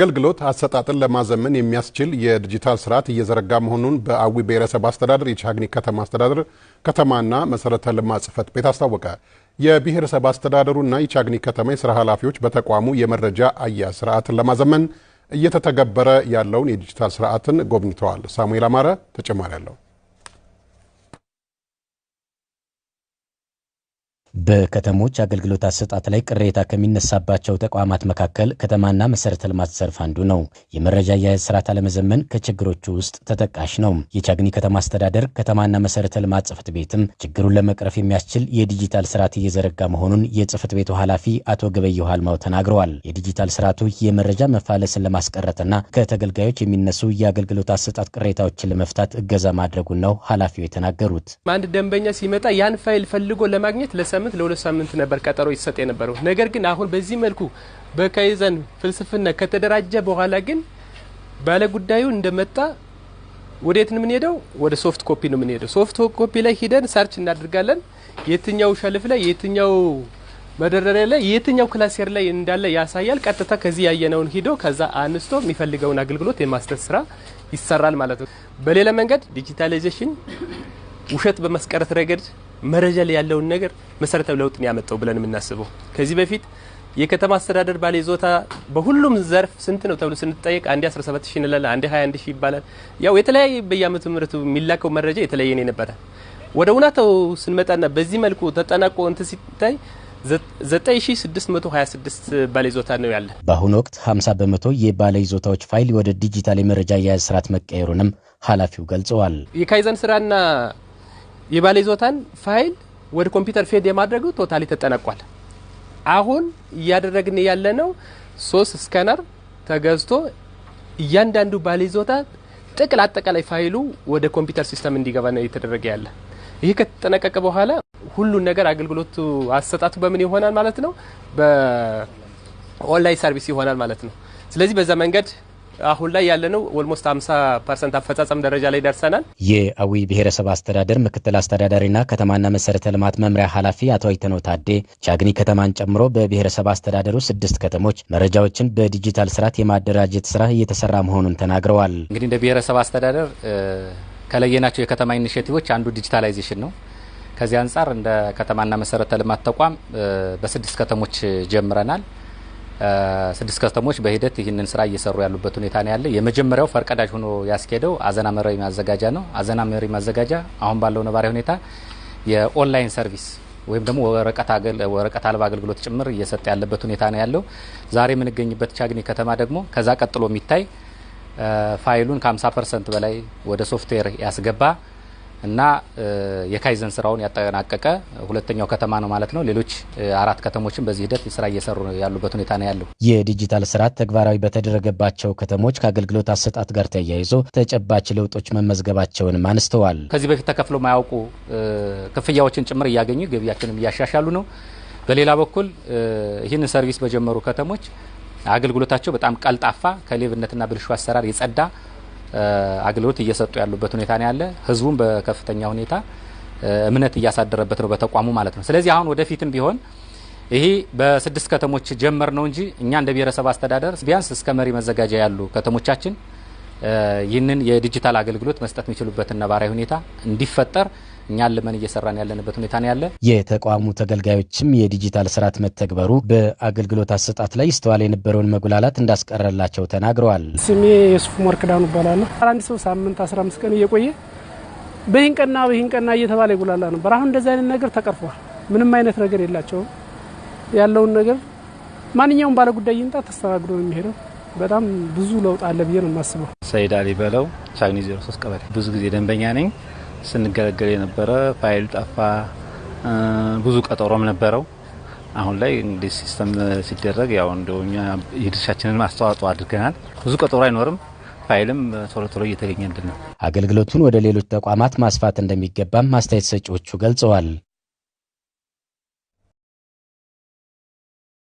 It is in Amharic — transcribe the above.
አገልግሎት አሰጣጥን ለማዘመን የሚያስችል የዲጂታል ስርዓት እየዘረጋ መሆኑን በአዊ ብሔረሰብ አስተዳደር የቻግኒ ከተማ አስተዳደር ከተማና መሰረተ ልማት ጽሕፈት ቤት አስታወቀ። የብሔረሰብ አስተዳደሩና የቻግኒ ከተማ የስራ ኃላፊዎች በተቋሙ የመረጃ አያያዝ ስርዓትን ለማዘመን እየተተገበረ ያለውን የዲጂታል ስርዓትን ጎብኝተዋል። ሳሙኤል አማረ ተጨማሪ አለው። በከተሞች አገልግሎት አሰጣጥ ላይ ቅሬታ ከሚነሳባቸው ተቋማት መካከል ከተማና መሰረተ ልማት ዘርፍ አንዱ ነው። የመረጃ አያያዝ ስርዓት አለመዘመን ከችግሮቹ ውስጥ ተጠቃሽ ነው። የቻግኒ ከተማ አስተዳደር ከተማና መሰረተ ልማት ጽፈት ቤትም ችግሩን ለመቅረፍ የሚያስችል የዲጂታል ስርዓት እየዘረጋ መሆኑን የጽፈት ቤቱ ኃላፊ አቶ ገበየ አልማው ተናግረዋል። የዲጂታል ስርዓቱ የመረጃ መፋለስን ለማስቀረትና ከተገልጋዮች የሚነሱ የአገልግሎት አሰጣት ቅሬታዎችን ለመፍታት እገዛ ማድረጉን ነው ኃላፊው የተናገሩት። አንድ ደንበኛ ሲመጣ ያን ፋይል ፈልጎ ለማግኘት ሳምንት ለሁለት ሳምንት ነበር ቀጠሮ ይሰጥ የነበረው። ነገር ግን አሁን በዚህ መልኩ በካይዘን ፍልስፍና ከተደራጀ በኋላ ግን ባለ ጉዳዩ እንደመጣ ወዴት ነው የምንሄደው? ወደ ሶፍት ኮፒ ነው የምንሄደው። ሶፍት ኮፒ ላይ ሂደን ሰርች እናደርጋለን። የትኛው ሸልፍ ላይ የትኛው መደርደሪያ ላይ የትኛው ክላሴር ላይ እንዳለ ያሳያል። ቀጥታ ከዚህ ያየነውን ሂዶ ከዛ አንስቶ የሚፈልገውን አገልግሎት የማስጠት ስራ ይሰራል ማለት ነው። በሌላ መንገድ ዲጂታላይዜሽን ውሸት በመስቀረት ረገድ መረጃ ላይ ያለውን ነገር መሰረታዊ ለውጥን ያመጣው ብለን የምናስበው ከዚህ በፊት የከተማ አስተዳደር ባለ ይዞታ በሁሉም ዘርፍ ስንት ነው ተብሎ ስንጠየቅ አንዴ 17 ሺህ እንላለን፣ አንዴ 21 ሺ ይባላል። ያው የተለያየ በየአመቱ ምርቱ የሚላከው መረጃ የተለያየ ነው የነበረ። ወደ እውነታው ስንመጣና በዚህ መልኩ ተጠናቆ እንትን ሲታይ 9626 ባለይዞታ ነው ያለ። በአሁኑ ወቅት 50 በመቶ የባለይዞታዎች ፋይል ወደ ዲጂታል የመረጃ አያያዝ ስርዓት መቀየሩንም ኃላፊው ገልጸዋል። የካይዘን ስራና የባለ ፋይል ወደ ኮምፒውተር ፌድ የማድረጉ ቶታሊ ተጠናቋል። አሁን እያደረግን ያለነው ሶስት ስካነር ተገዝቶ እያንዳንዱ ባሌዞታ ጥቅል አጠቃላይ ፋይሉ ወደ ኮምፒውተር ሲስተም እንዲገባ ነው እየተደረገ ያለ። ይህ ከተጠናቀቀ በኋላ ሁሉን ነገር አገልግሎቱ አሰጣቱ በምን ይሆናል ማለት ነው፣ በኦንላይን ሰርቪስ ይሆናል ማለት ነው። ስለዚህ በዛ መንገድ አሁን ላይ ያለነው ኦልሞስት 50 ፐርሰንት አፈጻጸም ደረጃ ላይ ደርሰናል። የአዊ ብሔረሰብ አስተዳደር ምክትል አስተዳዳሪና ከተማና መሰረተ ልማት መምሪያ ኃላፊ አቶ አይተኖ ታዴ ቻግኒ ከተማን ጨምሮ በብሔረሰብ አስተዳደሩ ስድስት ከተሞች መረጃዎችን በዲጂታል ስርዓት የማደራጀት ስራ እየተሰራ መሆኑን ተናግረዋል። እንግዲህ እንደ ብሔረሰብ አስተዳደር ከለየናቸው የከተማ ኢኒሽቲቮች አንዱ ዲጂታላይዜሽን ነው። ከዚህ አንጻር እንደ ከተማና መሰረተ ልማት ተቋም በስድስት ከተሞች ጀምረናል። ስድስት ከስተሞች በሂደት ይህንን ስራ እየሰሩ ያሉበት ሁኔታ ነው ያለ። የመጀመሪያው ፈርቀዳጅ ሆኖ ያስኬደው አዘና መሪ ማዘጋጃ ነው። አዘና መሪ ማዘጋጃ አሁን ባለው ነባራዊ ሁኔታ የኦንላይን ሰርቪስ ወይም ደግሞ ወረቀት አልባ አገልግሎት ጭምር እየሰጠ ያለበት ሁኔታ ነው ያለው። ዛሬ የምንገኝበት ቻግኒ ከተማ ደግሞ ከዛ ቀጥሎ የሚታይ ፋይሉን ከ50 ፐርሰንት በላይ ወደ ሶፍትዌር ያስገባ እና የካይዘን ስራውን ያጠናቀቀ ሁለተኛው ከተማ ነው ማለት ነው። ሌሎች አራት ከተሞችን በዚህ ሂደት ስራ እየሰሩ ያሉበት ሁኔታ ነው ያለው። የዲጂታል ስርዓት ተግባራዊ በተደረገባቸው ከተሞች ከአገልግሎት አሰጣት ጋር ተያይዞ ተጨባጭ ለውጦች መመዝገባቸውንም አንስተዋል። ከዚህ በፊት ተከፍሎ ማያውቁ ክፍያዎችን ጭምር እያገኙ ገቢያቸውንም እያሻሻሉ ነው። በሌላ በኩል ይህን ሰርቪስ በጀመሩ ከተሞች አገልግሎታቸው በጣም ቀልጣፋ፣ ከሌብነትና ብልሹ አሰራር የጸዳ አገልግሎት እየሰጡ ያሉበት ሁኔታ ነው ያለ። ህዝቡም በከፍተኛ ሁኔታ እምነት እያሳደረበት ነው በተቋሙ ማለት ነው። ስለዚህ አሁን ወደፊትም ቢሆን ይሄ በስድስት ከተሞች ጀመር ነው እንጂ እኛ እንደ ብሔረሰብ አስተዳደር ቢያንስ እስከ መሪ መዘጋጃ ያሉ ከተሞቻችን ይህንን የዲጂታል አገልግሎት መስጠት የሚችሉበትን ነባራዊ ሁኔታ እንዲፈጠር እኛን ልመን እየሰራን ያለንበት ሁኔታ ነው ያለ። የተቋሙ ተገልጋዮችም የዲጂታል ስርዓት መተግበሩ በአገልግሎት አሰጣት ላይ ይስተዋል የነበረውን መጉላላት እንዳስቀረላቸው ተናግረዋል። ስሜ የሱፍ ክዳኑ እባላለሁ። አንድ ሰው ሳምንት 15 ቀን እየቆየ በይህን ቀና በይህን ቀና እየተባለ ይጉላላ ነበር። አሁን እንደዚህ አይነት ነገር ተቀርፏል። ምንም አይነት ነገር የላቸውም። ያለውን ነገር ማንኛውም ባለ ጉዳይ ይምጣ ተስተናግዶ ነው የሚሄደው። በጣም ብዙ ለውጥ አለ ብዬ ነው የማስበው። ሰይድ አሊ በለው ቻግኒ 03 ቀበሌ ብዙ ጊዜ ደንበኛ ነኝ። ስንገለገል የነበረ ፋይል ጠፋ፣ ብዙ ቀጠሮም ነበረው። አሁን ላይ እንግዲህ ሲስተም ሲደረግ ያው እንደኛ የድርሻችንን አስተዋጽኦ አድርገናል። ብዙ ቀጠሮ አይኖርም። ፋይልም ቶሎ ቶሎ እየተገኘልን ነው። አገልግሎቱን ወደ ሌሎች ተቋማት ማስፋት እንደሚገባም አስተያየት ሰጪዎቹ ገልጸዋል።